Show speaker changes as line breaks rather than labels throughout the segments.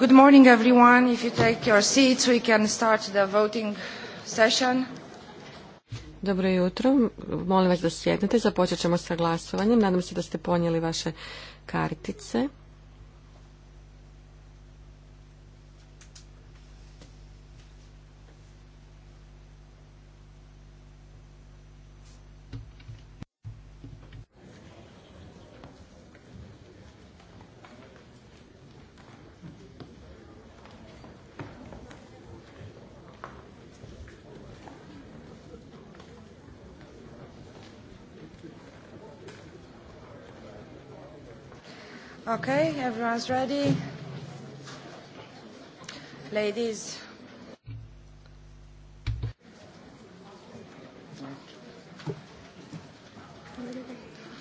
Good morning, everyone. If you take your seats, we can start the voting session.
Dobro jutro. Molim vas da sjednete. Započet ćemo sa glasovanjem. Nadam se da ste ponijeli vaše kartice.
Okay, everyone's ready. Ladies.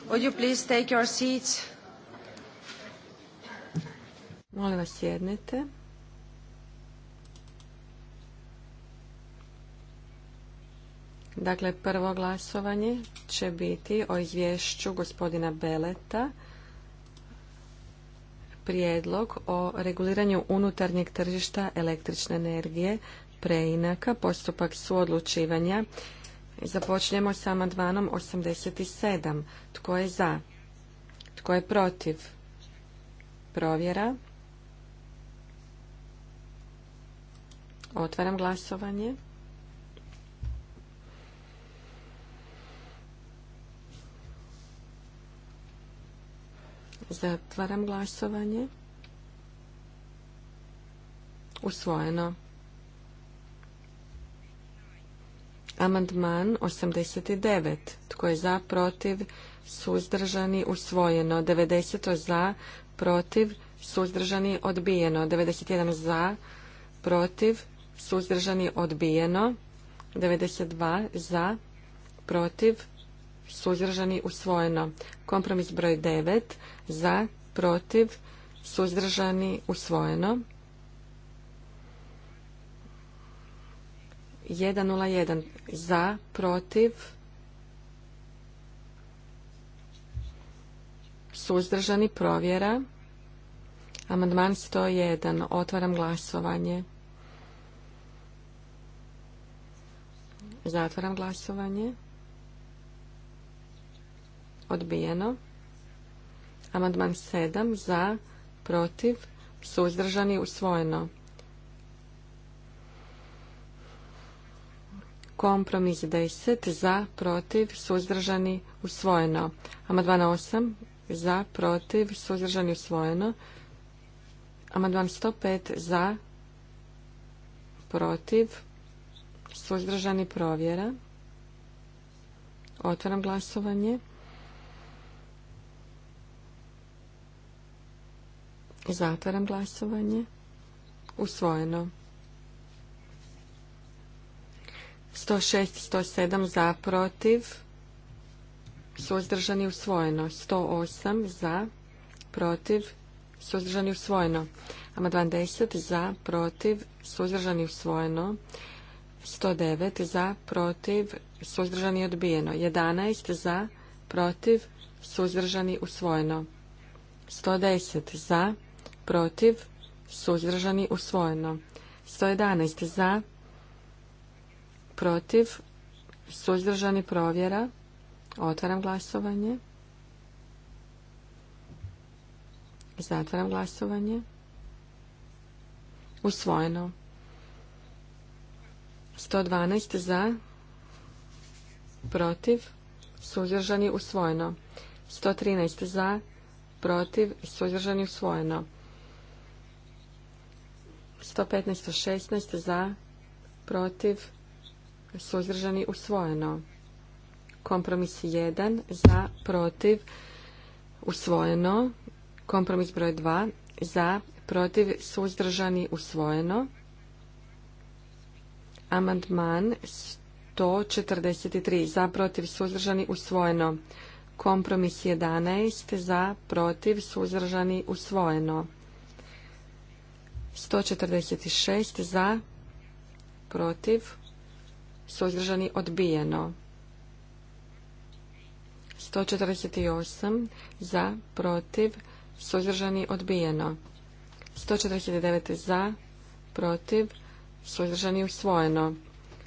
Would you please take your seats? Molim vas sjednite. Dakle, prvo glasovanje će biti o izvješću gospodina Beleta prijedlog o reguliranju unutarnjeg tržišta električne energije, preinaka, postupak suodlučivanja. Započnemo s amandmanom 87. Tko je za? Tko je protiv? Provjera. Otvaram glasovanje. Zatvaram glasovanje. Usvojeno. Amandman 89. Tko je za, protiv, suzdržani, usvojeno. 90 za, protiv, suzdržani, odbijeno. 91 za, protiv, suzdržani, odbijeno. 92 za, protiv, suzdržani, usvojeno. Kompromis broj 9 za, protiv, suzdržani, usvojeno. 101 za, protiv, suzdržani, provjera. Amandman 101. Otvaram glasovanje. Zatvaram glasovanje odbijeno. Amandman 7 za, protiv, suzdržani, usvojeno. Kompromis 10 za, protiv, suzdržani, usvojeno. Amandman 8 za, protiv, suzdržani, usvojeno. Amandman 105 za, protiv, suzdržani, provjera. Otvaram glasovanje. Zatvaram glasovanje. Usvojeno. 106 i 107 za, protiv. Suzdržani usvojeno. 108 za, protiv. Suzdržani usvojeno. Amadvan 10 za, protiv. Suzdržani usvojeno. 109 za, protiv. Suzdržani odbijeno. 11 za, protiv. Suzdržani usvojeno. 110 za, protiv protiv, suzdržani, usvojeno. 111 za, protiv, suzdržani, provjera. Otvaram glasovanje. Zatvaram glasovanje. Usvojeno. 112 za, protiv, suzdržani, usvojeno. 113 za, protiv, suzdržani, usvojeno. 115, 116 za, protiv, suzdržani, usvojeno. Kompromis 1 za, protiv, usvojeno. Kompromis broj 2 za, protiv, suzdržani, usvojeno. Amandman 143 za, protiv, suzdržani, usvojeno. Kompromis 11 za, protiv, suzdržani, usvojeno. 146 za, protiv, suzdržani odbijeno. 148 za, protiv, suzdržani odbijeno. 149 za, protiv, suzdržani usvojeno.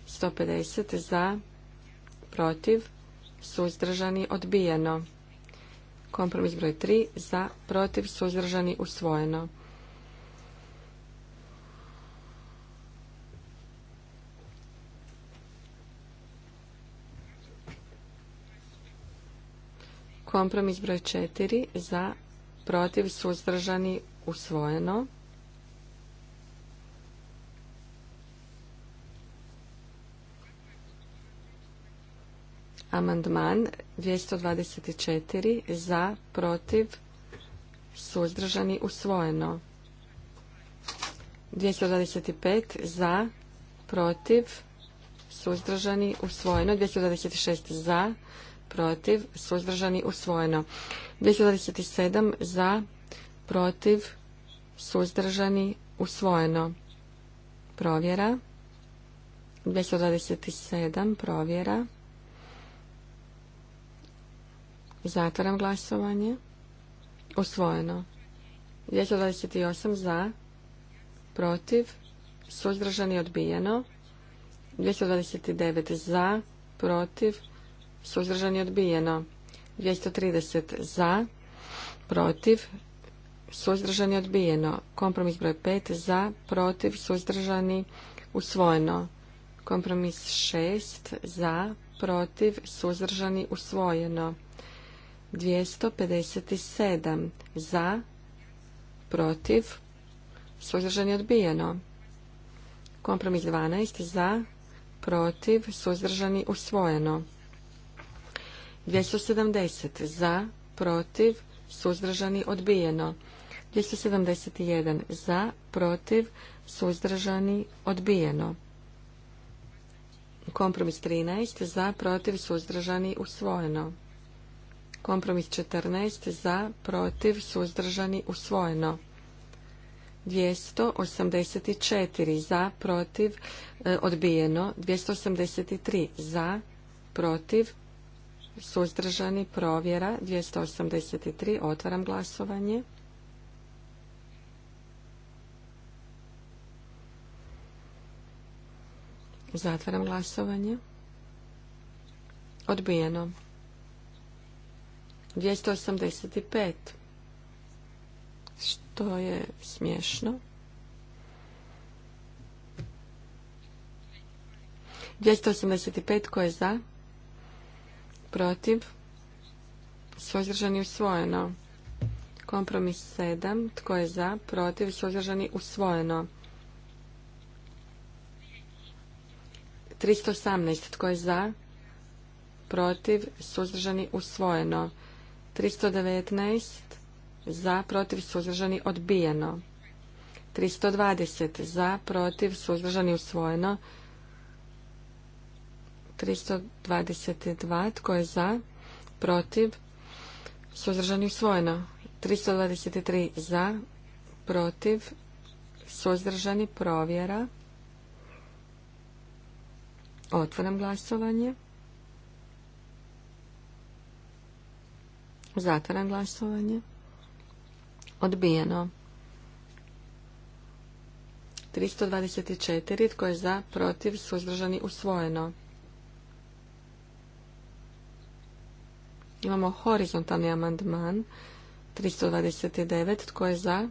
150 za, protiv, suzdržani odbijeno. Kompromis broj 3 za, protiv, suzdržani usvojeno. Kompromis broj 4 za protiv suzdržani usvojeno. Amandman 224 za protiv suzdržani usvojeno. 225 za protiv suzdržani usvojeno. 226 za protiv, suzdržani, usvojeno. 227 za, protiv, suzdržani, usvojeno. Provjera. 227, provjera. Zatvaram glasovanje. Usvojeno. 228 za, protiv, suzdržani, odbijeno. 229 za, protiv, suzdržani odbijeno. 230 za, protiv, suzdržani odbijeno. Kompromis broj 5 za, protiv, suzdržani usvojeno. Kompromis 6 za, protiv, suzdržani usvojeno. 257 za, protiv, suzdržani odbijeno. Kompromis 12 za, protiv, suzdržani usvojeno. 270 za, protiv, suzdržani, odbijeno. 271 za, protiv, suzdržani, odbijeno. Kompromis 13 za, protiv, suzdržani, usvojeno. Kompromis 14 za, protiv, suzdržani, usvojeno. 284 za, protiv, e, odbijeno. 283 za, protiv, suzdržani, provjera 283, otvaram glasovanje. Zatvaram glasovanje. Odbijeno. 285. Što je smiješno. 285 ko je za? protiv, suzdržani usvojeno. Kompromis 7, tko je za, protiv, suzdržani usvojeno. 318, tko je za, protiv, suzdržani usvojeno. 319, za, protiv, suzdržani odbijeno. 320, za, protiv, suzdržani usvojeno. 322. Tko je za? Protiv? Suzdržani usvojeno. 323 za, protiv, suzdržani provjera. Otvaram glasovanje. Zatvaram glasovanje. Odbijeno. 324. Tko je za, protiv, suzdržani, usvojeno. Imamo horizontalni amandman 329. Tko je za?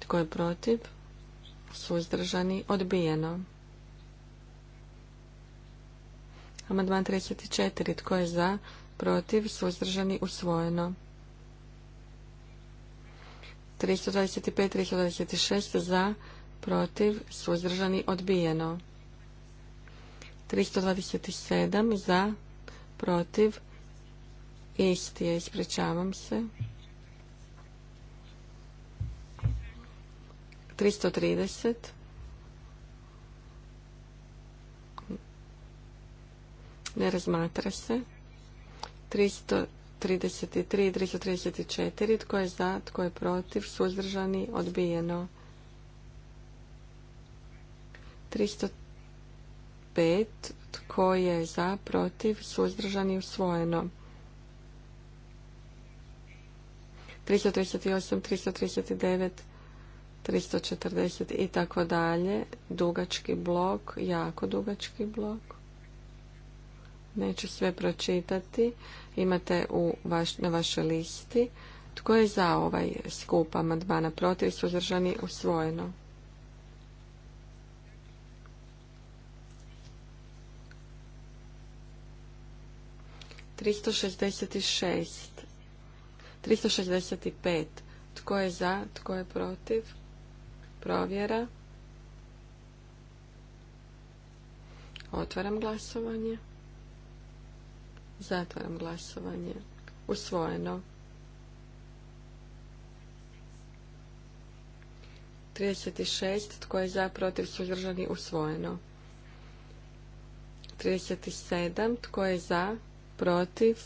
Tko je protiv? Suzdržani? Odbijeno. Amandman 34. Tko je za? Protiv? Suzdržani? Usvojeno. 325, 326 za, protiv, suzdržani, odbijeno. 327 za, protiv, isti je, ispričavam se. 330. Ne razmatra se. 333 i 334. Tko je za, tko je protiv, suzdržani, odbijeno. 305. Tko je za, protiv, suzdržani, usvojeno. 338, 339, 340 i tako dalje. Dugački blok, jako dugački blok. Neću sve pročitati. Imate u vaš, na vašoj listi. Tko je za ovaj skup amandmana protiv suzdržani usvojeno? Tristo šestdeset šest 365. Tko je za, tko je protiv? Provjera. Otvaram glasovanje. Zatvaram glasovanje. Usvojeno. 36. Tko je za, protiv, suzdržani, usvojeno. 37. Tko je za, protiv,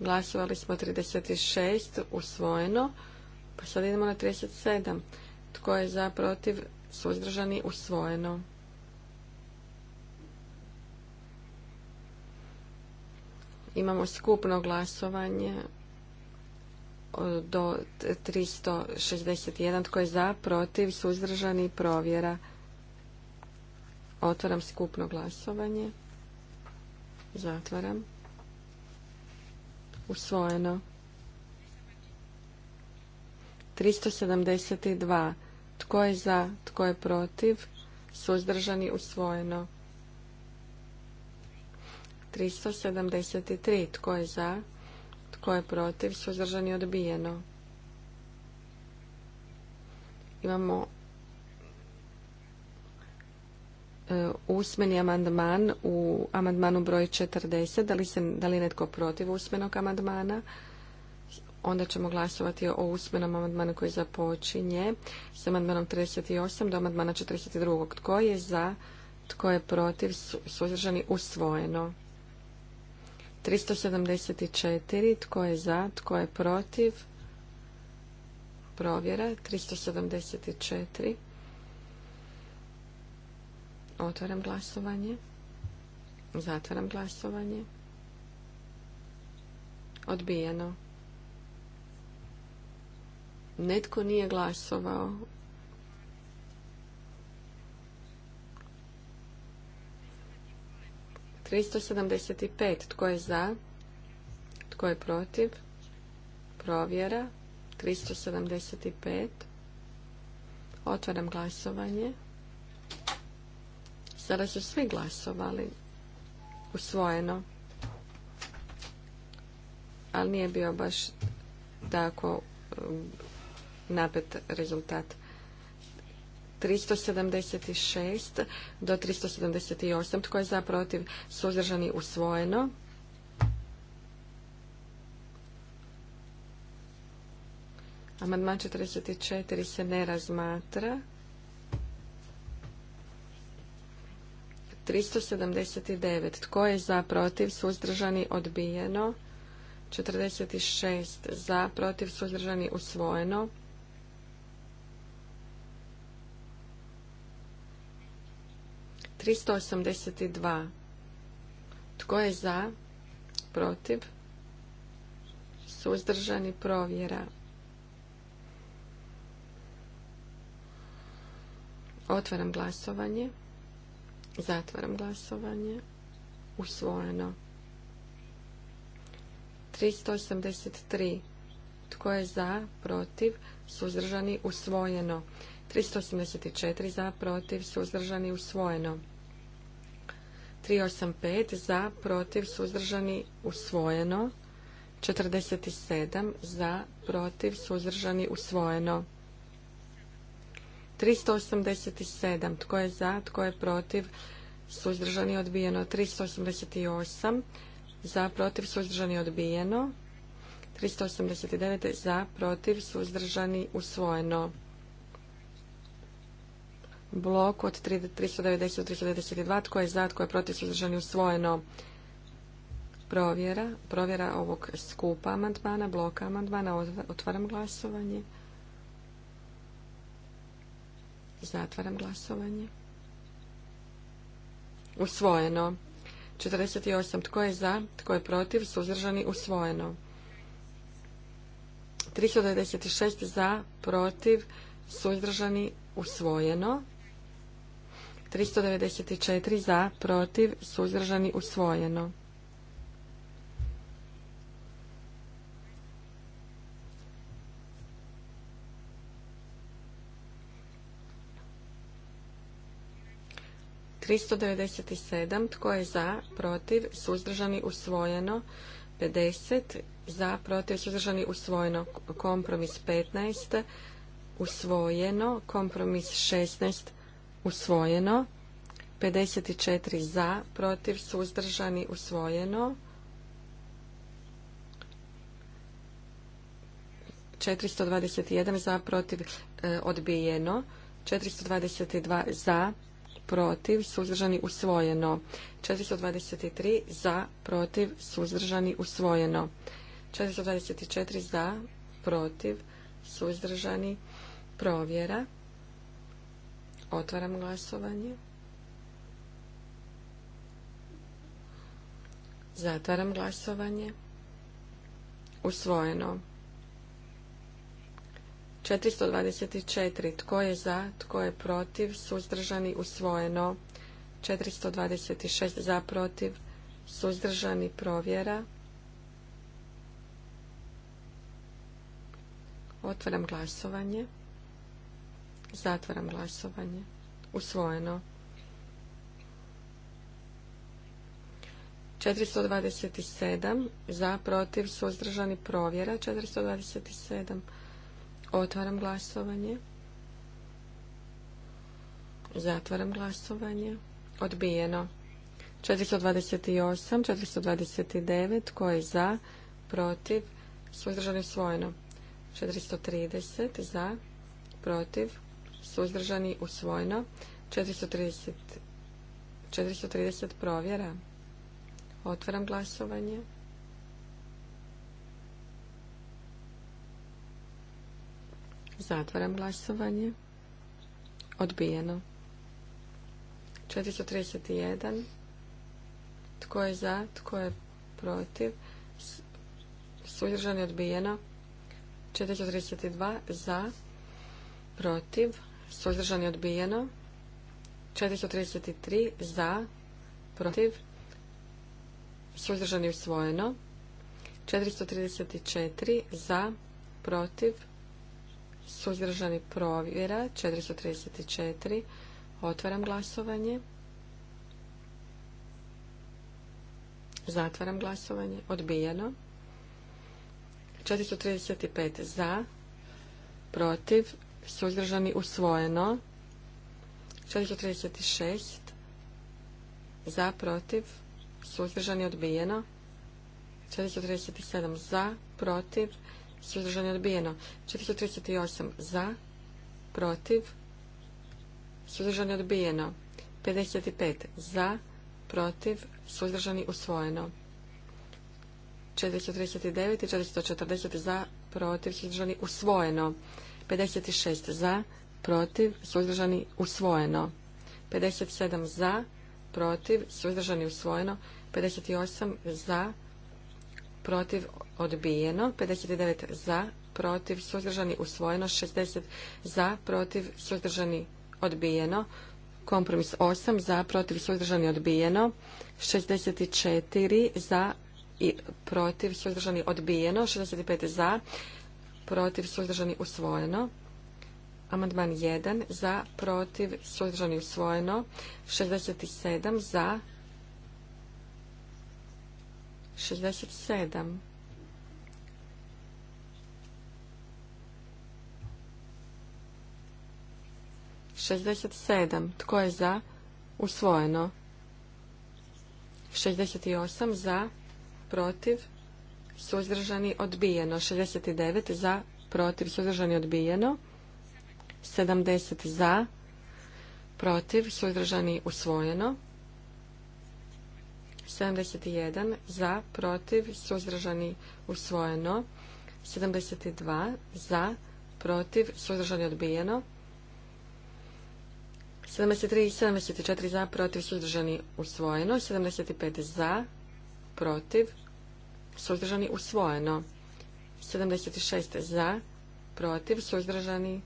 Glasovali smo 36, usvojeno. Pa sad idemo na 37. Tko je za, protiv, suzdržani, usvojeno. Imamo skupno glasovanje do 361. Tko je za, protiv, suzdržani, provjera. Otvaram skupno glasovanje. Zatvaram usvojeno. 372. Tko je za, tko je protiv, suzdržani, usvojeno. 373. Tko je za, tko je protiv, suzdržani, odbijeno. Imamo E, usmeni amandman u amandmanu broj 40. Da li, da netko protiv usmenog amandmana? Onda ćemo glasovati o usmenom amandmanu koji započinje s amandmanom 38 do amandmana 42. Tko je za? Tko je protiv? Suzdržani usvojeno. 374. Tko je za? Tko je protiv? Provjera. 374. Otvaram glasovanje. Zatvaram glasovanje. Odbijeno. Netko nije glasovao. Tristo Tko je za? Tko je protiv? Provjera. 375. Otvaram glasovanje. Sada su svi glasovali. Usvojeno. Ali nije bio baš tako um, napet rezultat. 376 do 378. Tko je za protiv suzdržani usvojeno? Amandman 44 se ne razmatra. 379. Tko je za, protiv, suzdržani, odbijeno. 46. Za, protiv, suzdržani, usvojeno. Tristo osamdeset Tko je za? Protiv? Suzdržani provjera. Otvaram glasovanje. Zatvaram glasovanje. Usvojeno. 383. Tko je za, protiv, suzdržani, usvojeno. 384 za, protiv, suzdržani, usvojeno. 385 za, protiv, suzdržani, usvojeno. 47 za, protiv, suzdržani, usvojeno. 387. Tko je za? Tko je protiv? Suzdržani odbijeno. 388. Za, protiv, suzdržani odbijeno. 389. Za, protiv, suzdržani usvojeno. Blok od 390 do 392. Tko je za? Tko je protiv? Suzdržani usvojeno. Provjera. Provjera ovog skupa amandmana, bloka amandmana. Otvaram glasovanje. Zatvaram glasovanje. Usvojeno. 48. Tko je za? Tko je protiv? Suzdržani? Usvojeno. 396 za, protiv, suzdržani, usvojeno. 394 za, protiv, suzdržani, usvojeno. 397. Tko je za, protiv, suzdržani, usvojeno. 50. Za, protiv, suzdržani, usvojeno. Kompromis 15. Usvojeno. Kompromis 16. Usvojeno. 54 za, protiv, suzdržani, usvojeno. 421 za, protiv, e, odbijeno. 422 za, protiv, suzdržani, usvojeno. 423 za, protiv, suzdržani, usvojeno. 424 za, protiv, suzdržani, provjera. Otvaram glasovanje. Zatvaram glasovanje. Usvojeno. 424. Tko je za? Tko je protiv? Suzdržani? Usvojeno. 426. Za? Protiv? Suzdržani? Provjera. Otvaram glasovanje. Zatvaram glasovanje. Usvojeno. 427. Za, protiv, suzdržani, provjera. 427. Otvaram glasovanje. Zatvaram glasovanje. Odbijeno. 428, 429, tko je za, protiv, suzdržani usvojeno. 430 za, protiv, suzdržani usvojeno. 430, 430 provjera. Otvaram glasovanje. Zatvaram glasovanje. Odbijeno. 431. Tko je za? Tko je protiv? Suzdržan je odbijeno. 432. Za. Protiv. Suzdržan je odbijeno. 433. Za. Protiv. Suzdržani je usvojeno. 434. Za. Protiv suzdržani provjera 434 otvaram glasovanje zatvaram glasovanje odbijeno 435 za protiv suzdržani usvojeno 436 za protiv suzdržani odbijeno 437 za protiv suzdržani odbijeno. 438 za, protiv, suzdržani odbijeno. 55 za, protiv, suzdržani usvojeno. 439 i 440 za, protiv, suzdržani usvojeno. 56 za, protiv, suzdržani usvojeno. 57 za, protiv, suzdržani usvojeno. 58 za, protiv, odbijeno. 59 za, protiv, suzdržani, usvojeno. 60 za, protiv, suzdržani, odbijeno. Kompromis 8 za, protiv, suzdržani, odbijeno. 64 za i protiv, suzdržani, odbijeno. 65 za, protiv, suzdržani, usvojeno. Amandman 1 za, protiv, suzdržani, usvojeno. 67 za, 67. 67 Tko je za? Usvojeno. 68 Za? Protiv? Suzdržani? Odbijeno. 69 Za? Protiv? Suzdržani? Odbijeno. 70 Za? Protiv? Suzdržani? Usvojeno. 71 za, protiv, suzdržani, usvojeno. 72 za, protiv, suzdržani, odbijeno. 73 i 74 za, protiv, suzdržani, usvojeno. 75 za, protiv, suzdržani, usvojeno. 76 za, protiv, suzdržani,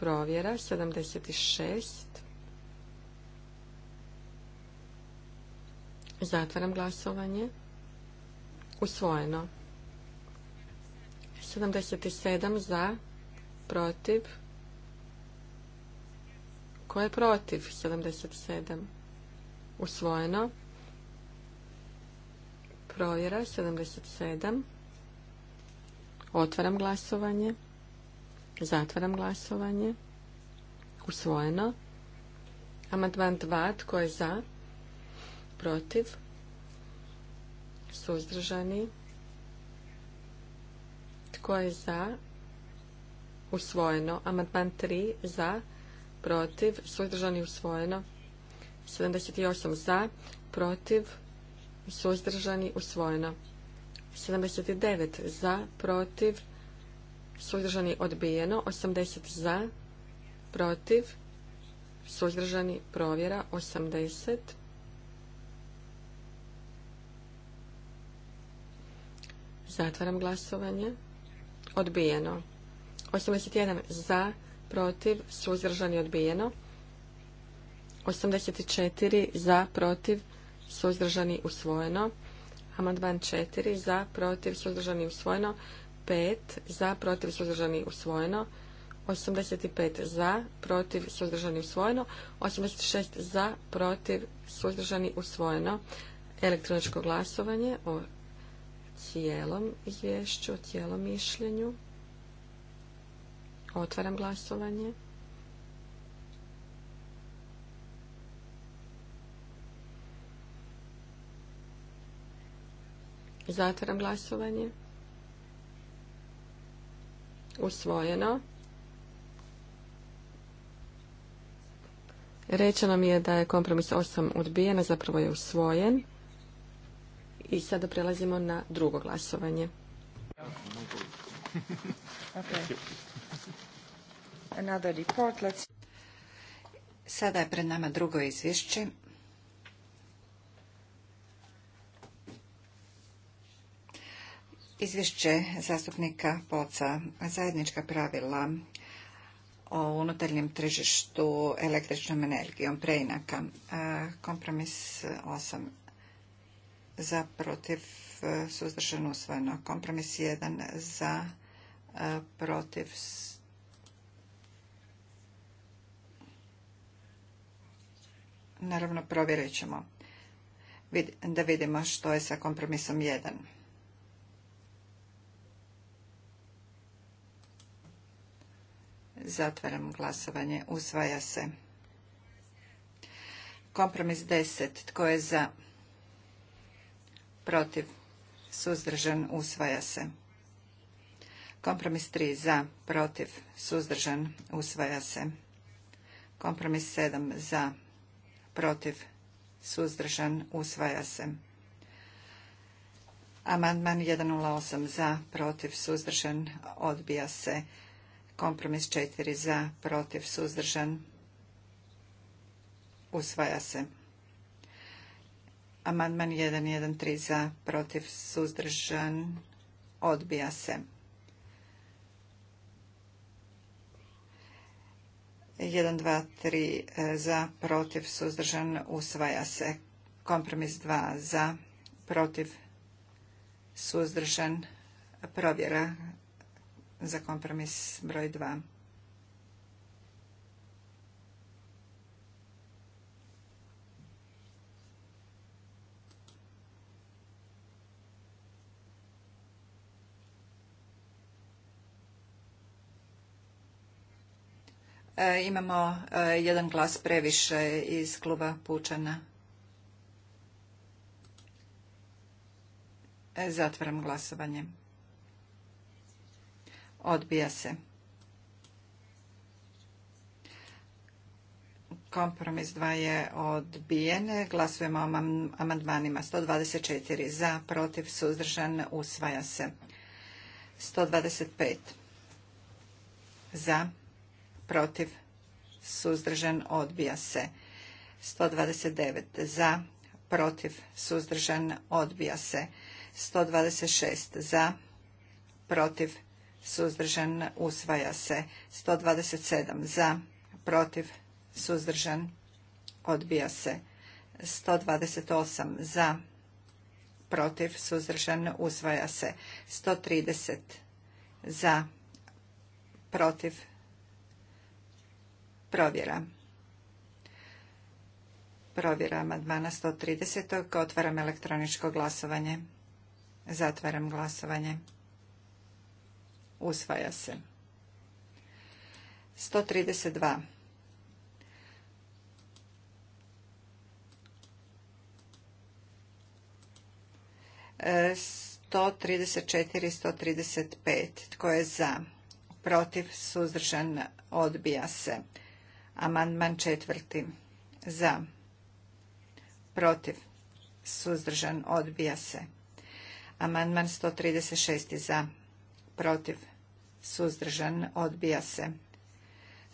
provjera. 76 Zatvaram glasovanje. Usvojeno. 77 za, protiv. Ko je protiv? 77. Usvojeno. Provjera 77. Otvaram glasovanje. Zatvaram glasovanje. Usvojeno. Amandman 2. Tko je za? protiv, suzdržani, tko je za, usvojeno, amandman 3 za, protiv, suzdržani, usvojeno, 78 za, protiv, suzdržani, usvojeno, 79 za, protiv, suzdržani, odbijeno, 80 za, protiv, suzdržani, provjera, 80 Zatvaram glasovanje. Odbijeno. 81 za, protiv, suzdržani, odbijeno. 84 za, protiv, suzdržani, usvojeno. Amandman 4 za, protiv, suzdržani, usvojeno. 5 za, protiv, suzdržani, usvojeno. 85 za, protiv, suzdržani, usvojeno. 86 za, protiv, suzdržani, usvojeno. Elektroničko glasovanje o cijelom izvješću, o cijelom mišljenju. Otvaram glasovanje. Zatvaram glasovanje. Usvojeno. Rečeno mi je da je kompromis 8 odbijena, zapravo je usvojen. I sada prelazimo na drugo glasovanje.
Sada je pred nama drugo izvješće. Izvješće zastupnika Poca, zajednička pravila o unutarnjem tržištu električnom energijom preinaka. Kompromis 8 za protiv e, suzdržano usvojeno. Kompromis 1 za e, protiv Naravno, provjerit ćemo da vidimo što je sa kompromisom 1. Zatvaram glasovanje. Usvaja se. Kompromis 10. Tko je za? protiv, suzdržan, usvaja se. Kompromis 3 za, protiv, suzdržan, usvaja se. Kompromis 7 za, protiv, suzdržan, usvaja se. Amandman 108 za, protiv, suzdržan, odbija se. Kompromis 4 za, protiv, suzdržan, usvaja se. Amandman 113 za, protiv, suzdržan, odbija se. 123 eh, za, protiv, suzdržan, usvaja se. Kompromis 2 za, protiv, suzdržan, provjera za kompromis broj 2. E, imamo e, jedan glas previše iz kluba Pučana. E, zatvaram glasovanje. Odbija se. Kompromis 2 je odbijen. Glasujemo o amandmanima 124 za, protiv, suzdržan, usvaja se. 125 za, protiv, suzdržan, odbija se. 129 za, protiv, suzdržan, odbija se. 126 za, protiv, suzdržan, usvaja se. 127 za, protiv, suzdržan, odbija se. 128 za, protiv, suzdržan, usvaja se. 130 za, protiv, Provjera. Provjera amandmana 130. Otvaram elektroničko glasovanje. Zatvaram glasovanje. Usvaja se. 132. E, 134 i 135. Tko je za? Protiv? Suzdržan? Odbija se. Amandman četvrti. Za. Protiv. Suzdržan. Odbija se. Amandman 136. Za. Protiv. Suzdržan. Odbija se.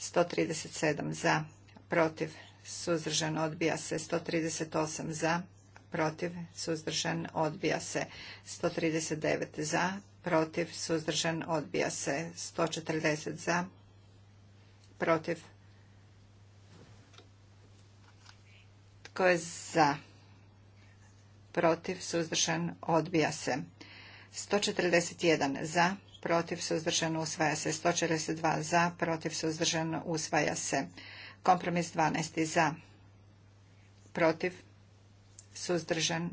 137. Za. Protiv. Suzdržan. Odbija se. 138. Za. Protiv. Suzdržan. Odbija se. 139. Za. Protiv. Suzdržan. Odbija se. 140. Za. Protiv Tko je za? Protiv, suzdržan, odbija se. 141 za, protiv, suzdržan, usvaja se. 142 za, protiv, suzdržan, usvaja se. Kompromis 12 za, protiv, suzdržan,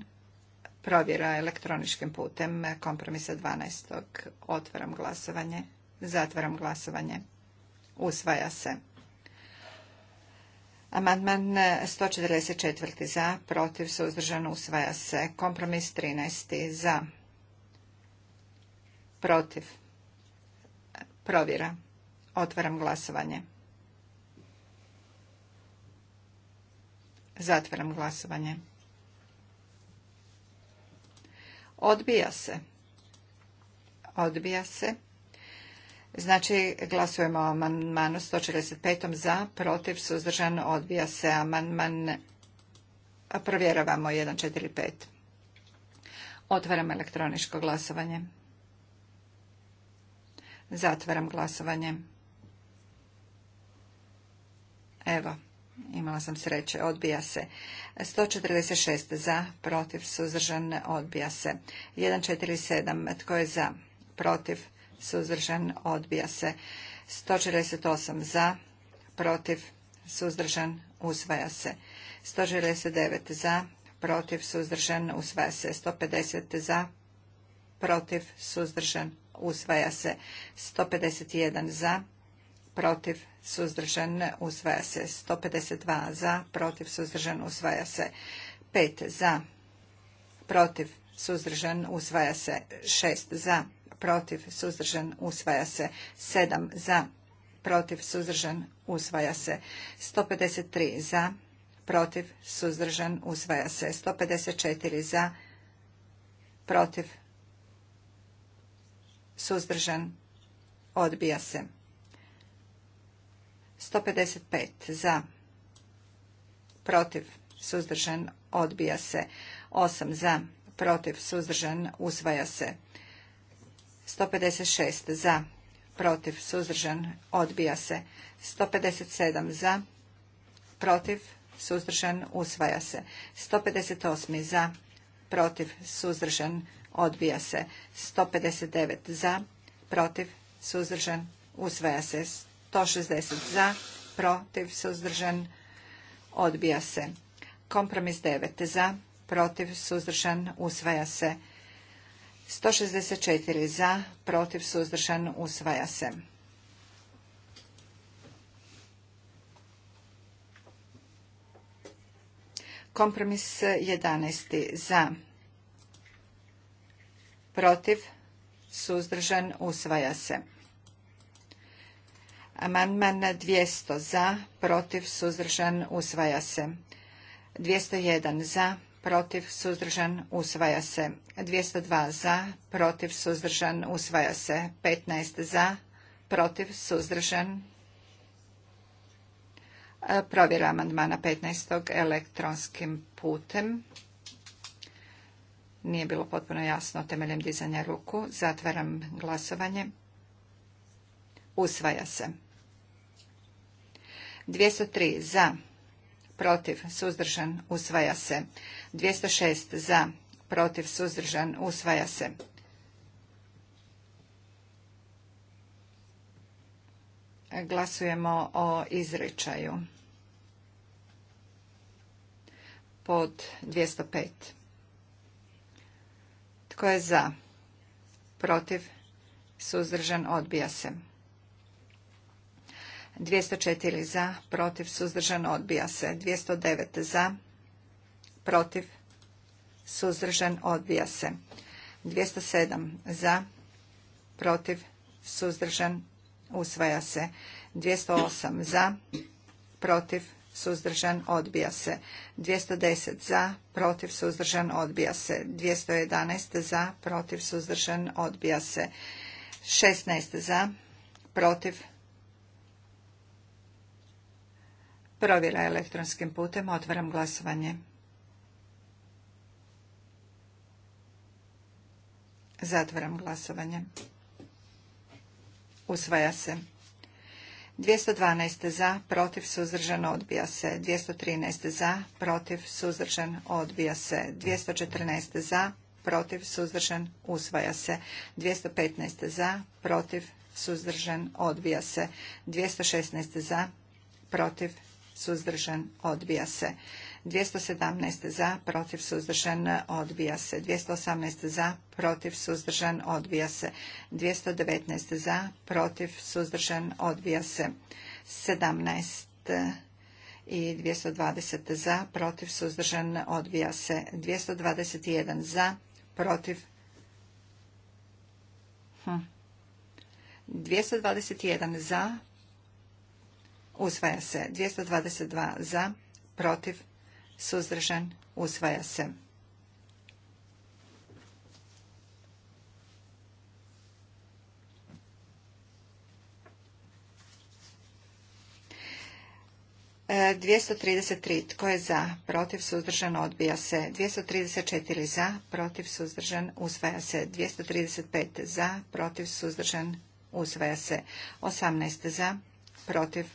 provjera elektroničkim putem kompromisa 12. Otvaram glasovanje, zatvaram glasovanje, usvaja se. Amandman 144. E, za, protiv, suzdržano, usvaja se. Kompromis 13. za, protiv, provjera. Otvaram glasovanje. Zatvaram glasovanje. Odbija se. Odbija se. Znači, glasujemo o amandmanu 145. za, protiv, suzdržan, odbija se amandman. Provjeravamo 145. Otvaram elektroničko glasovanje. Zatvaram glasovanje. Evo, imala sam sreće, odbija se. 146 za, protiv, suzdržan, odbija se. 147, tko je za, protiv, suzdržan, odbija se. 148 za, protiv, suzdržan, usvaja se. 149 za, protiv, suzdržan, usvaja se. 150 za, protiv, suzdržan, usvaja se. 151 za, protiv, suzdržan, usvaja se. 152 za, protiv, suzdržan, usvaja se. 5 za, protiv, suzdržan, usvaja se. 6 za, protiv, suzdržan, usvaja se. 7 za, protiv, suzdržan, usvaja se. 153 za, protiv, suzdržan, usvaja se. 154 za, protiv, suzdržan, odbija se. 155 za, protiv, suzdržan, odbija se. 8 za, protiv, suzdržan, usvaja se. 156 za, protiv, suzdržan, odbija se. 157 za, protiv, suzdržan, usvaja se. 158 za, protiv, suzdržan, odbija se. 159 za, protiv, suzdržan, usvaja se. 160 za, protiv, suzdržan, odbija se. Kompromis 9 za, protiv, suzdržan, usvaja se. 164 za, protiv, suzdržan, usvaja se. Kompromis 11. za, protiv, suzdržan, usvaja se. Amandman 200 za, protiv, suzdržan, usvaja se. 201 za, protiv, suzdržan, usvaja se. 202 za, protiv, suzdržan, usvaja se. 15 za, protiv, suzdržan. E, provjera amandmana 15. elektronskim putem. Nije bilo potpuno jasno temeljem dizanja ruku. Zatvaram glasovanje. Usvaja se. 203 za, protiv, suzdržan, usvaja se. 206 za, protiv, suzdržan, usvaja se. Glasujemo o izrečaju pod 205. Tko je za? Protiv? Suzdržan? Odbija se. 204 za, protiv, suzdržan, odbija se. 209 za, protiv, suzdržan, odbija se. 207 za, protiv, suzdržan, usvaja se. 208 za, protiv, suzdržan, odbija se. 210 za, protiv, suzdržan, odbija se. 211 za, protiv, suzdržan, odbija se. 16 za, protiv, provjera elektronskim putem, otvaram glasovanje. Zatvaram glasovanje. Usvaja se. 212 za, protiv, suzdržan, odbija se. 213 za, protiv, suzdržan, odbija se. 214 za, protiv, suzdržan, usvaja se. 215 za, protiv, suzdržan, odbija se. 216 za, protiv, suzdržan, odbija se. 217 za, protiv suzdržan, odbija se. 218 za, protiv suzdržan, odbija se. 219 za, protiv suzdržan, odbija se. 17 i 220 za, protiv suzdržan, odbija se. 221 za, protiv. Hm. 221 za, usvaja se. 222 za, protiv suzdržan, usvaja se. E, 233. Tko je za? Protiv suzdržan odbija se. 234. Za. Protiv suzdržan usvaja se. 235. Za. Protiv suzdržan usvaja se. 18. Za. Protiv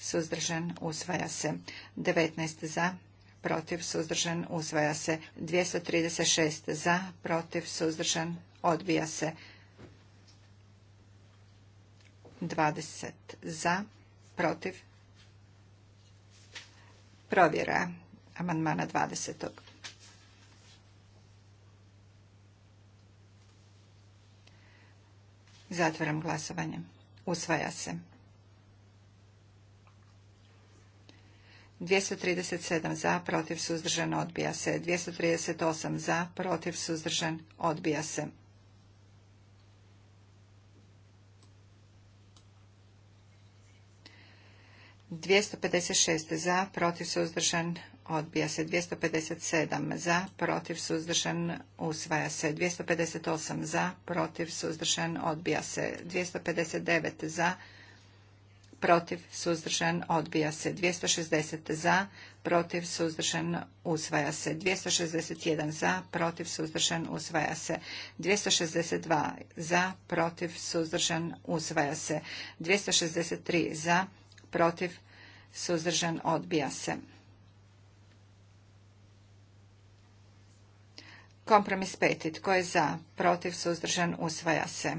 suzdržan usvaja se. 19. Za protiv, suzdržan, usvaja se. 236 za, protiv, suzdržan, odbija se. 20 za, protiv, provjera amandmana 20. Zatvaram glasovanje. Usvaja se. 237 za, protiv suzdržan odbija se. 238 za, protiv suzdržan odbija se. Dvjesto za, protiv suzdržan, odbija se. 257 za, protiv suzdržan, usvaja se. 258 za, protiv suzdržan, odbija se. 259 za, protiv, suzdržan, odbija se. 260 za, protiv, suzdržan, usvaja se. 261 za, protiv, suzdržan, usvaja se. 262 za, protiv, suzdržan, usvaja se. 263 za, protiv, suzdržan, odbija se. Kompromis petit Tko je za? Protiv, suzdržan, usvaja se.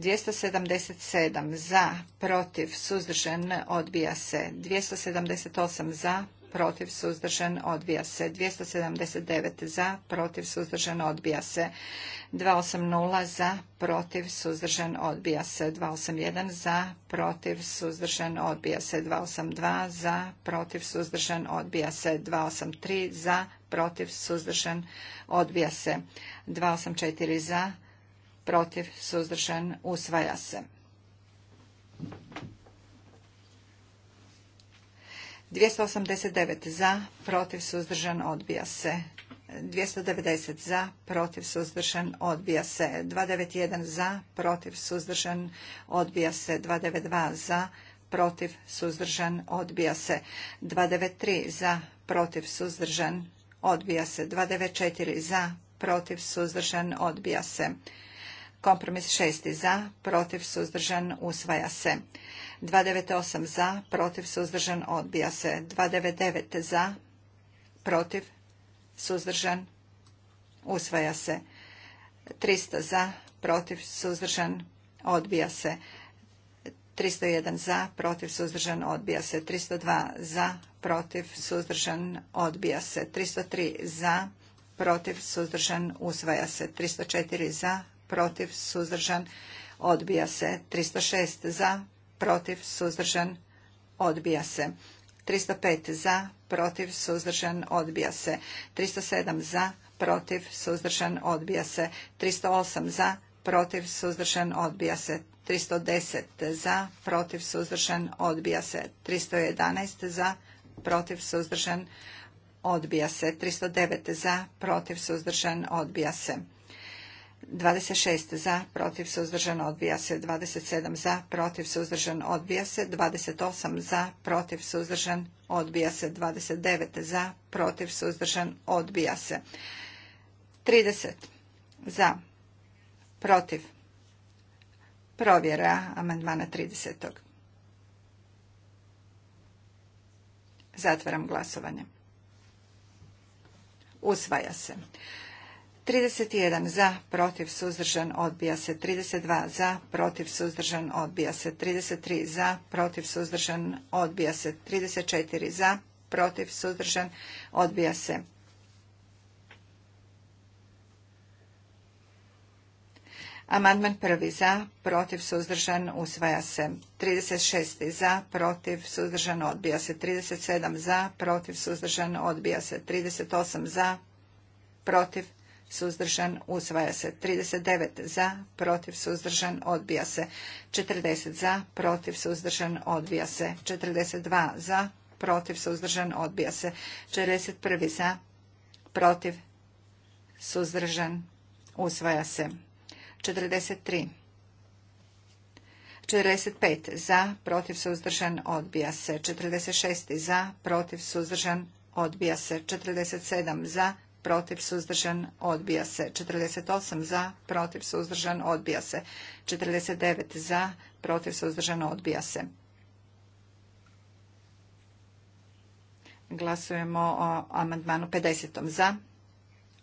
277 za, protiv, suzdržan, odbija se. 278 za, protiv, suzdržan, odbija se. 279 za, protiv, suzdržan, odbija se. 280 za, protiv, suzdržan, odbija se. 281 za, protiv, suzdržan, odbija se. 282 za, protiv, suzdržan, odbija se. 283 za, protiv, suzdržan, odbija se. 284 za, protiv, suzdržan, usvaja se. 289 za, protiv, suzdržan, odbija se. 290 za, protiv, suzdržan, odbija se. 291 za, protiv, suzdržan, odbija se. 292 za, protiv, suzdržan, odbija se. 293 za, protiv, suzdržan, odbija se. 294 za, protiv, suzdržan, odbija se. Kompromis šesti za, protiv suzdržan usvaja se. 298 za, protiv suzdržan odbija se. 299 za, protiv suzdržan usvaja se. 300 za, protiv suzdržan odbija se. 301 za, protiv suzdržan odbija se. 302 za, protiv suzdržan odbija se. 303 za, protiv suzdržan usvaja se. 304 za, protiv, suzdržan, odbija se. 306 za, protiv, suzdržan, odbija se. 305 za, protiv, suzdržan, odbija se. 307 za, protiv, suzdržan, odbija se. 308 za, protiv, suzdržan, odbija se. 310 za, protiv, suzdržan, odbija se. 311 za, protiv, suzdržan, odbija se. 309 za, protiv, suzdržan, odbija se. 26 za, protiv suzdržan odbija se. 27 za, protiv suzdržan odbija se. 28 za, protiv suzdržan odbija se. 29 za, protiv suzdržan odbija se. 30 za, protiv provjera amandmana 30. Zatvaram glasovanje. Usvaja se. 31 za, protiv, suzdržan, odbija se. 32 za, protiv, suzdržan, odbija se. 33 za, protiv, suzdržan, odbija se. 34 za, protiv, suzdržan, odbija se. Amandman prvi za, protiv, suzdržan, usvaja se. 36. za, protiv, suzdržan, odbija se. 37. za, protiv, suzdržan, odbija se. 38. za, protiv, suzdržan, usvaja se. 39 za, protiv, suzdržan, odbija se. 40 za, protiv, suzdržan, odbija se. 42 za, protiv, suzdržan, odbija se. 41 za, protiv, suzdržan, usvaja se. 43 45 za, protiv suzdržan, odbija se. 46 za, protiv suzdržan, odbija se. 47 za, protiv suzdržan odbija se 48 za protiv suzdržan odbija se 49 za protiv suzdržan odbija se Glasujemo o amandmanu 50 za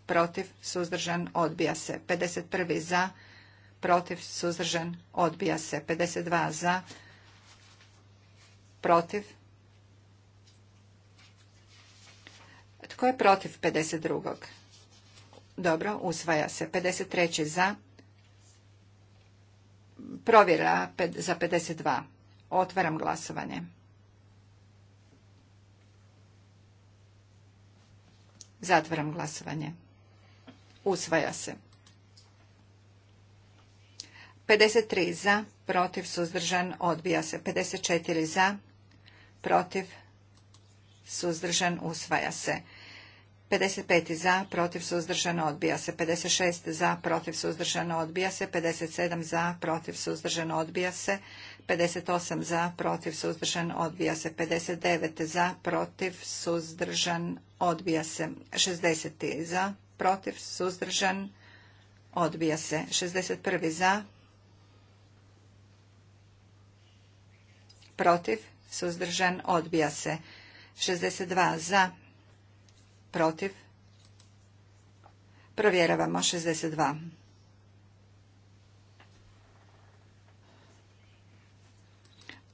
protiv suzdržan odbija se 51 za protiv suzdržan odbija se 52 za protiv Tko je protiv 52. Dobro, usvaja se. 53. za. Provjera za 52. Otvaram glasovanje. Zatvaram glasovanje. Usvaja se. 53 za, protiv, suzdržan, odbija se. 54 za, protiv, suzdržan, usvaja se. 55 za, protiv suzdržano odbija se. 56 za, protiv suzdržano odbija se. 57 za, protiv suzdržano odbija se. 58 za, protiv suzdržan odbija se. 59 za, protiv suzdržan odbija se. 60 za, protiv suzdržan odbija se. 61 za, protiv suzdržan odbija se. 62 za, protiv, provjeravamo 62.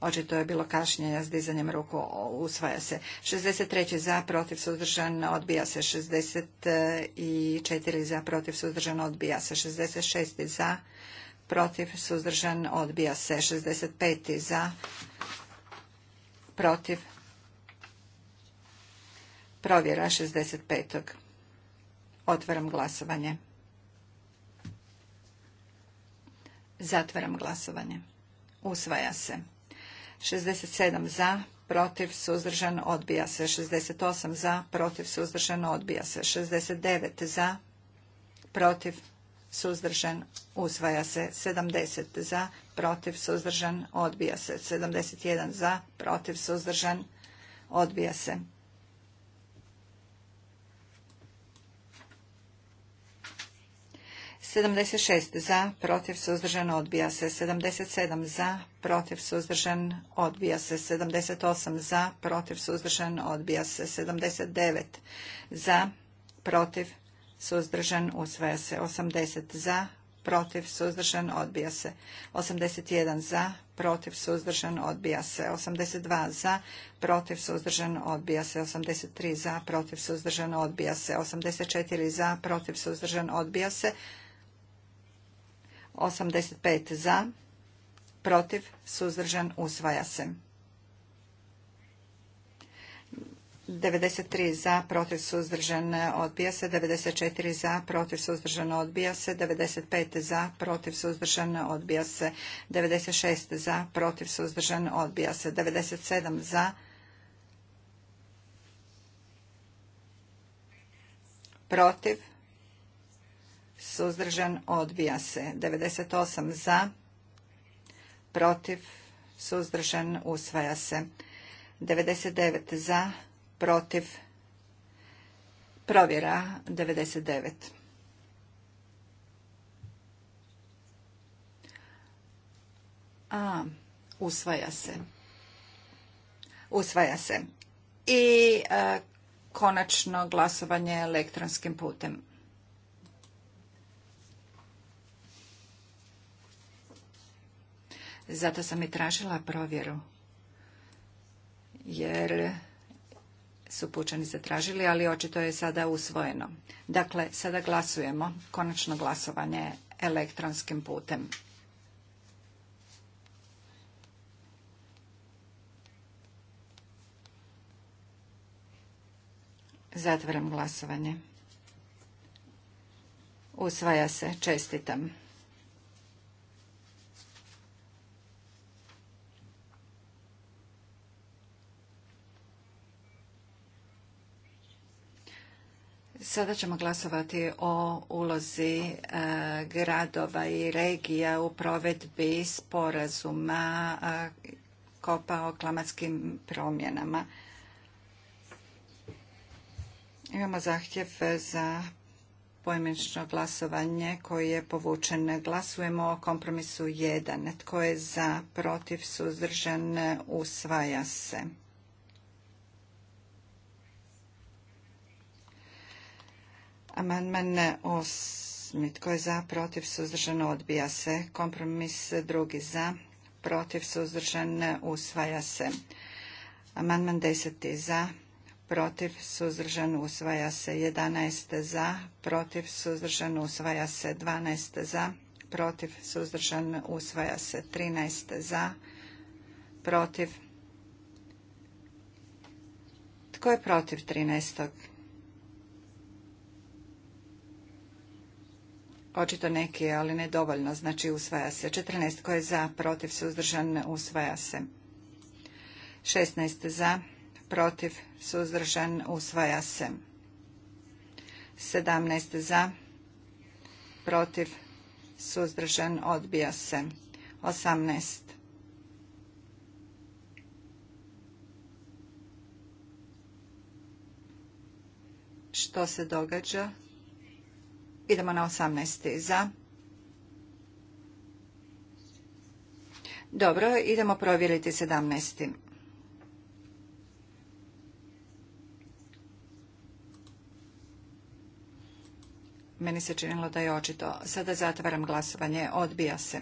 Očito je bilo kašnjenja s dizanjem ruku, usvaja se. 63. za, protiv, suzdržan, odbija se. 64. za, protiv, suzdržan, odbija se. 66. za, protiv, suzdržan, odbija se. 65. za, protiv, Provjera 65. Otvaram glasovanje. Zatvaram glasovanje. Usvaja se. 67 za, protiv, suzdržan, odbija se. 68 za, protiv, suzdržan, odbija se. 69 za, protiv, suzdržan, usvaja se. 70 za, protiv, suzdržan, odbija se. 71 za, protiv, suzdržan, odbija se. 76 za, protiv suzdržan odbija se. 77 za, protiv suzdržan odbija se. 78 za, protiv suzdržan odbija se. 79 za, protiv suzdržan usvaja se. 80 za, protiv suzdržan odbija se. 81 za, protiv suzdržan odbija se. 82 za, protiv suzdržan odbija se. 83 za, protiv suzdržan odbija se. 84 za, protiv suzdržan odbija se. 85 za, protiv, suzdržan, usvaja se. 93 za, protiv, suzdržan, odbija se. 94 za, protiv, suzdržan, odbija se. 95 za, protiv, suzdržan, odbija se. 96 za, protiv, suzdržan, odbija se. 97 za, protiv, suzdržan, odbija se. 98 za, protiv, suzdržan, usvaja se. 99 za, protiv, provjera 99. A, usvaja se. Usvaja se. I e, konačno glasovanje elektronskim putem. Zato sam i tražila provjeru. Jer su pučani zatražili, ali očito je sada usvojeno. Dakle, sada glasujemo konačno glasovanje elektronskim putem. Zatvaram glasovanje. Usvaja se. Čestitam. Sada ćemo glasovati o ulozi e, gradova i regija u provedbi sporazuma e, kopa o klimatskim promjenama. Imamo zahtjev za pojmenično glasovanje koji je povučen. Glasujemo o kompromisu 1. Tko je za, protiv, suzdržan, usvaja se. Amandman osmi. Tko je za, protiv, suzdržan, odbija se. Kompromis drugi za, protiv, suzdržan, usvaja se. Amandman deseti za, protiv, suzdržan, usvaja se. 11 za, protiv, suzdržan, usvaja se. 12 za, protiv, suzdržan, usvaja se. 13 za, protiv. Tko je protiv 13. Očito neki, ali ne dovoljno, znači usvaja se. 14 koje je za, protiv, suzdržan, usvaja se. 16 za, protiv, suzdržan, usvaja se. 17 za, protiv, suzdržan, odbija se. 18 što se događa Idemo na 18. za. Dobro, idemo provjeriti 17. Meni se činilo da je očito. Sada zatvaram glasovanje. Odbija se.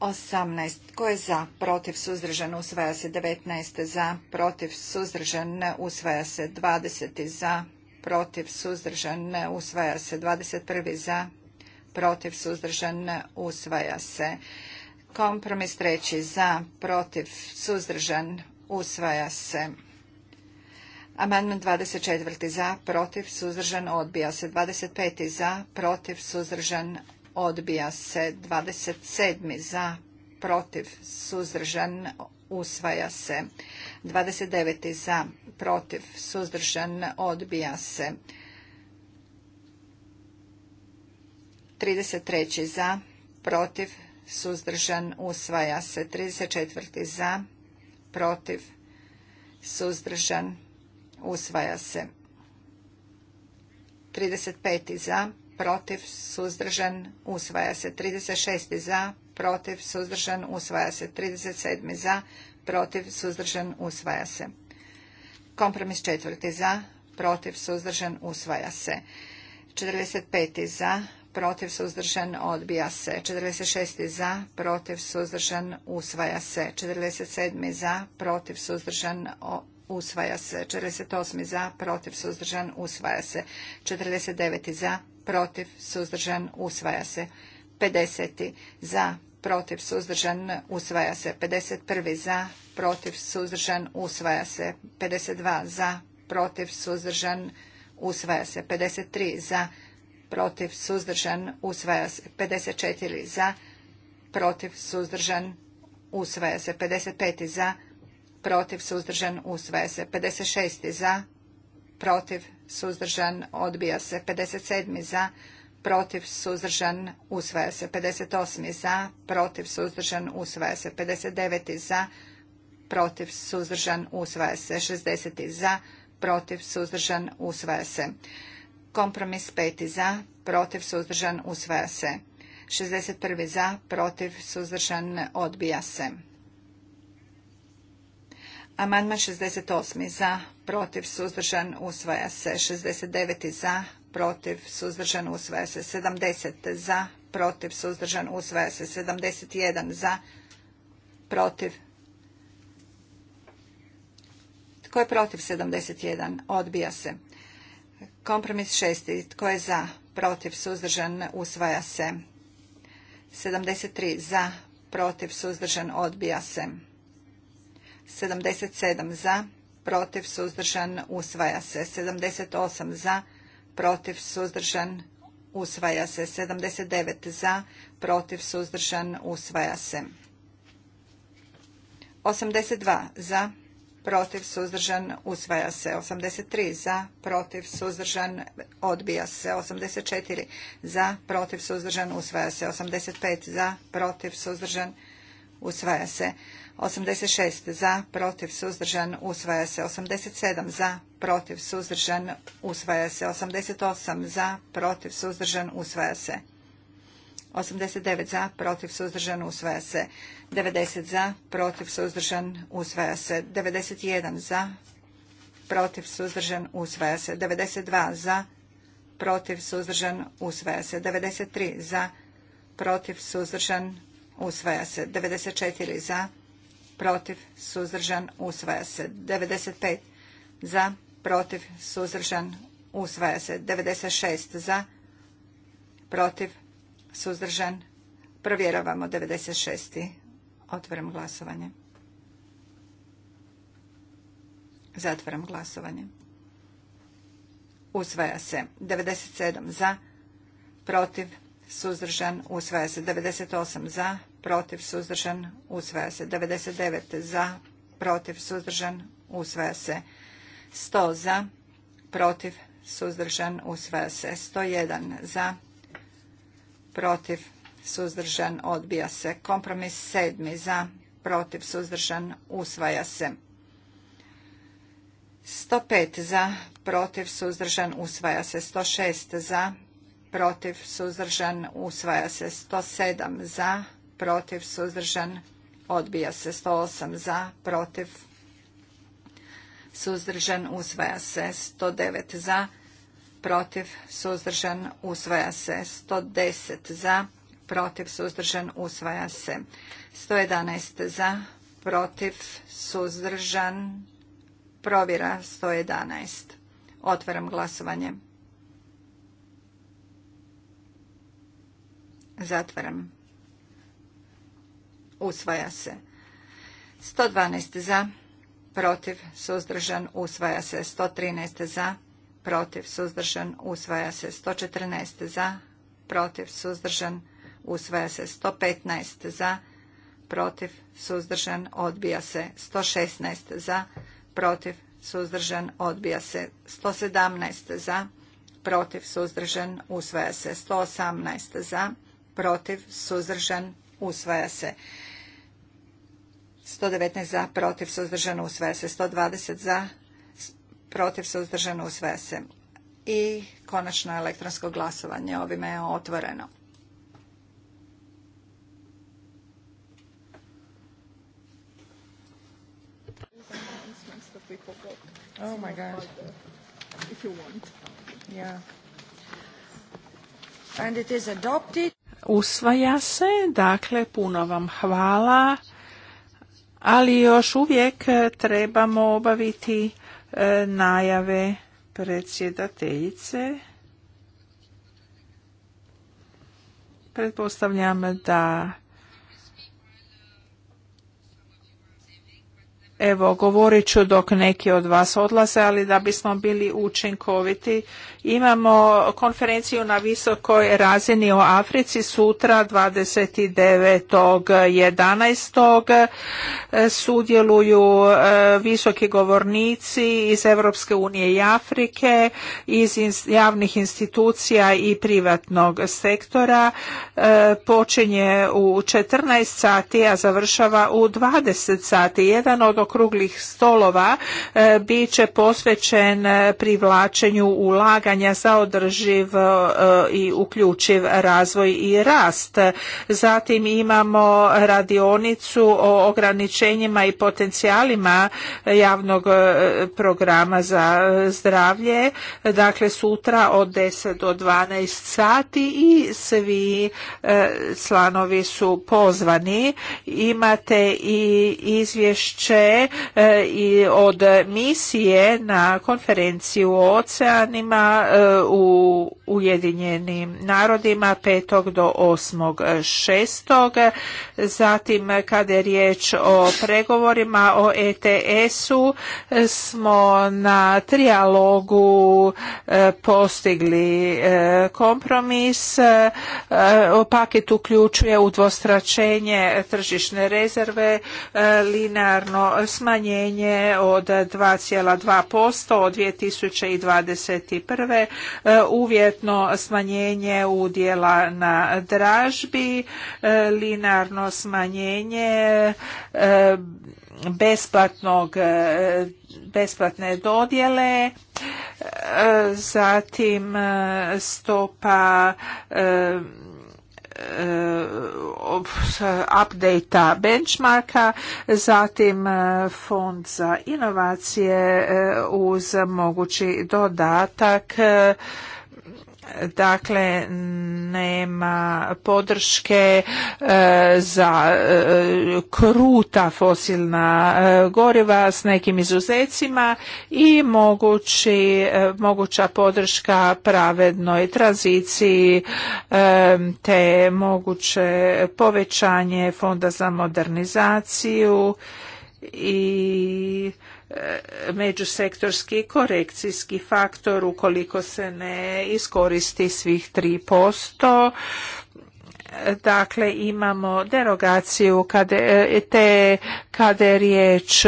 18. Ko je za? Protiv suzdržan usvaja se. 19. Za. Protiv suzdržan usvaja se. 20. Za protiv, suzdržan, ne usvaja se. 21. za, protiv, suzdržan, usvaja se. Kompromis treći za, protiv, suzdržan, usvaja se. Amandman 24. za, protiv, suzdržan, odbija se. 25. za, protiv, suzdržan, odbija se. 27. za, protiv, suzdržan, usvaja se. 29. za, protiv, suzdržan, odbija se. 33. za, protiv, suzdržan, usvaja se. 34. za, protiv, suzdržan, usvaja se. 35. za, protiv, suzdržan, usvaja se. 36. za, protiv, suzdržan, usvaja se. 37. za, protiv, suzdržan, usvaja se. Kompromis četvrti za, protiv, suzdržan, usvaja se. 45. za, protiv, suzdržan, odbija se. 46. za, protiv, suzdržan, usvaja se. 47. za, protiv, suzdržan, usvaja se. 48. za, protiv, suzdržan, usvaja se. 49. za, protiv, suzdržan, usvaja se. 50. za, protiv, suzdržan, usvaja se. 51. za, protiv, suzdržan, usvaja se. 52. za, protiv, suzdržan, usvaja se. 53. za, protiv, suzdržan, usvaja se. 54. za, protiv, suzdržan, usvaja se. 55. za, protiv, suzdržan, usvaja se. 56. za, protiv, suzdržan, odbija se. 57. za, protiv, protiv, suzdržan, usvaja se. 58. za, protiv, suzdržan, usvaja se. 59. za, protiv, suzdržan, usvaja se. 60. za, protiv, suzdržan, usvaja se. Kompromis 5. za, protiv, suzdržan, usvaja se. 61. za, protiv, suzdržan, odbija se. Amandman 68. za, protiv, suzdržan, usvaja se. 69. za, protiv, suzdržan, usvaja se. 70 za, protiv, suzdržan, usvaja se. 71 za, protiv. Tko je protiv 71? Odbija se. Kompromis 6. Tko je za, protiv, suzdržan, usvaja se. 73 za, protiv, suzdržan, odbija se. 77 za, protiv, suzdržan, usvaja se. 78 za, protiv, suzdržan, usvaja se. 79 za, protiv, suzdržan, usvaja se. 82 za, protiv, suzdržan, usvaja se. 83 za, protiv, suzdržan, odbija se. 84 za, protiv, suzdržan, usvaja se. 85 za, protiv, suzdržan, usvaja se usvaja se. 86 za, protiv, suzdržan, usvaja se. 87 za, protiv, suzdržan, usvaja se. 88 za, protiv, suzdržan, usvaja se. 89 za, protiv, suzdržan, usvaja se. 90 za, protiv, suzdržan, usvaja se. 91 za, protiv, suzdržan, usvaja se. 92 za, protiv, suzdržan, usvaja se. 93 za, protiv, suzdržan, usvaja se. 94 za, protiv, suzdržan, usvaja se. 95 za, protiv, suzdržan, usvaja se. 96 za, protiv, suzdržan, provjeravamo 96. Otvaram glasovanje. Zatvaram glasovanje. Usvaja se 97 za, protiv, suzdržan, usvaja se. 98 za, protiv, suzdržan, usvaja se. 99 za, protiv, suzdržan, usvaja se. 100 za, protiv, suzdržan, usvaja se. 101 za, protiv, suzdržan, odbija se. Kompromis 7 za, protiv, suzdržan, usvaja se. 105 za, protiv, suzdržan, usvaja se. 106 za, protiv, suzdržan, usvaja se 107 za, protiv, suzdržan, odbija se 108 za, protiv, suzdržan, usvaja se 109 za, protiv, suzdržan, usvaja se 110 za, protiv, suzdržan, usvaja se 111 za, protiv, suzdržan, provjera 111. Otvaram glasovanje. Zatvaram. Usvaja se. 112 za, protiv, suzdržan, usvaja se. 113 za, protiv, suzdržan, usvaja se. 114 za, protiv, suzdržan, usvaja se. 115 za, protiv, suzdržan, odbija se. 116 za, protiv, suzdržan, odbija se. 117 za, protiv, suzdržan, usvaja se. 118 za, protiv, suzdržan, usvaja se. 119 za, protiv, suzdržan, usvaja se. 120 za, protiv, suzdržan, usvaja se. I konačno elektronsko glasovanje. Ovime je otvoreno.
Oh my Usvaja se, dakle puno vam hvala, ali još uvijek e, trebamo obaviti e, najave predsjedateljice. Pretpostavljam da Evo, govorit ću dok neki od vas odlaze, ali da bismo bili učinkoviti. Imamo konferenciju na visokoj razini o Africi sutra 29.11. Sudjeluju e, visoki govornici iz Europske unije i Afrike, iz javnih institucija i privatnog sektora. E, počinje u 14 sati, a završava u 20 sati. Jedan od okruglih stolova e, bit će posvećen e, privlačenju ulaganja za održiv e, i uključiv razvoj i rast. Zatim imamo radionicu o ograničenjima i potencijalima javnog programa za zdravlje, dakle sutra od 10 do 12 sati i svi članovi su pozvani. Imate i izvješće E, i od misije na konferenciju o oceanima e, u Ujedinjenim narodima 5. do 8. 6. Zatim kada je riječ o pregovorima o ETS-u smo na trijalogu e, postigli kompromis. Paket uključuje udvostračenje tržišne rezerve, linearno smanjenje od 2,2% od 2021. E, uvjetno smanjenje udjela na dražbi, e, linarno smanjenje e, besplatnog besplatne dodjele zatim stopa E, update-a benchmarka, zatim e, fond za inovacije e, uz mogući dodatak dakle nema podrške e, za e, kruta fosilna e, goriva s nekim izuzecima i mogući, moguća podrška pravednoj tranziciji te moguće povećanje fonda za modernizaciju i međusektorski korekcijski faktor ukoliko se ne iskoristi svih 3%. Dakle, imamo derogaciju kada, te kada je riječ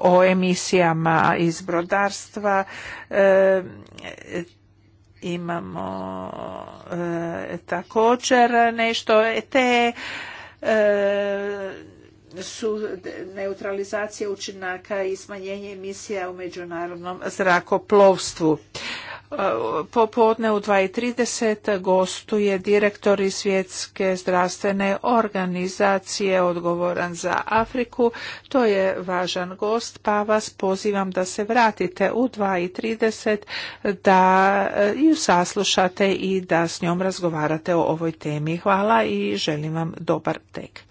o emisijama iz brodarstva. E, imamo e, također nešto te e, su neutralizacija učinaka i smanjenje emisija u međunarodnom zrakoplovstvu. E, popodne u 2.30 gostuje direktor iz svjetske zdravstvene organizacije odgovoran za Afriku. To je važan gost pa vas pozivam da se vratite u 2.30 da e, ju saslušate i da s njom razgovarate o ovoj temi. Hvala i želim vam dobar tek.